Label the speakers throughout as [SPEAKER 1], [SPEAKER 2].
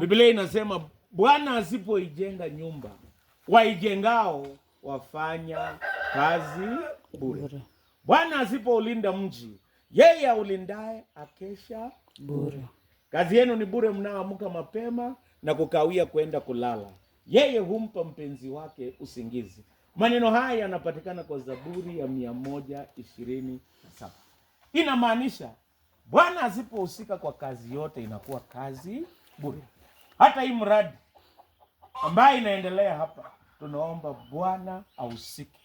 [SPEAKER 1] Biblia inasema Bwana asipoijenga nyumba, waijengao wafanya kazi bure. Bwana asipoulinda mji, yeye aulindaye akesha bure. Kazi yenu ni bure, mnaoamka mapema na kukawia kwenda kulala. Yeye humpa mpenzi wake usingizi. Maneno haya yanapatikana kwa Zaburi ya mia moja ishirini na saba. Inamaanisha Bwana asipohusika kwa kazi yote, inakuwa kazi bure hata hii mradi ambayo inaendelea hapa, tunaomba Bwana ahusike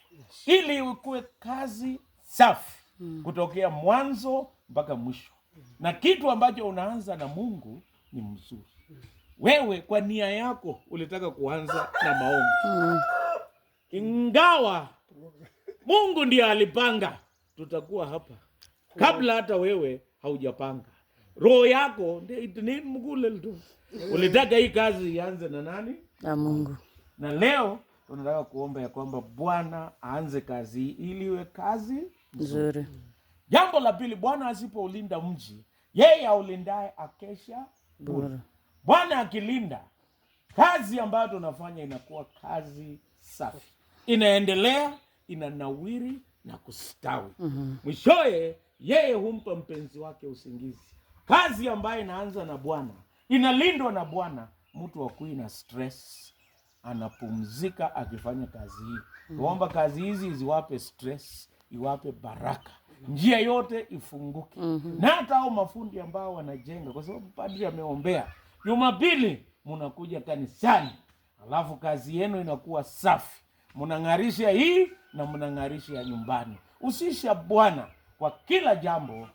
[SPEAKER 1] ili ukuwe kazi safi mm. kutokea mwanzo mpaka mwisho, mm. na kitu ambacho unaanza na Mungu ni mzuri. Mm. Wewe kwa nia yako ulitaka kuanza na maombi, ingawa Mungu ndiye alipanga tutakuwa hapa kabla hata wewe haujapanga roho yako mgule tu. Ulitaka hii kazi ianze na nani? Na Mungu. Na leo tunataka kuomba ya kwamba Bwana aanze kazi hii ili iwe kazi nzuri. Jambo la pili, Bwana asipoulinda mji, yeye aulindaye akesha bure. Bwana akilinda kazi ambayo tunafanya inakuwa kazi safi, inaendelea, inanawiri na kustawi. Mhm. Mwishoye mm -hmm. Yeye humpa mpenzi wake usingizi. Kazi ambayo inaanza na Bwana inalindwa na Bwana, mtu akui na stress, anapumzika akifanya kazi hii. Mm. Tuomba kazi hizi ziwape stress, iwape baraka, njia yote ifunguke. mm -hmm. na hata hao mafundi ambao wanajenga, kwa sababu padri ameombea Jumapili, munakuja kanisani alafu kazi yenu inakuwa safi, mnang'arisha hii na mnang'arisha nyumbani. Usisha Bwana kwa kila jambo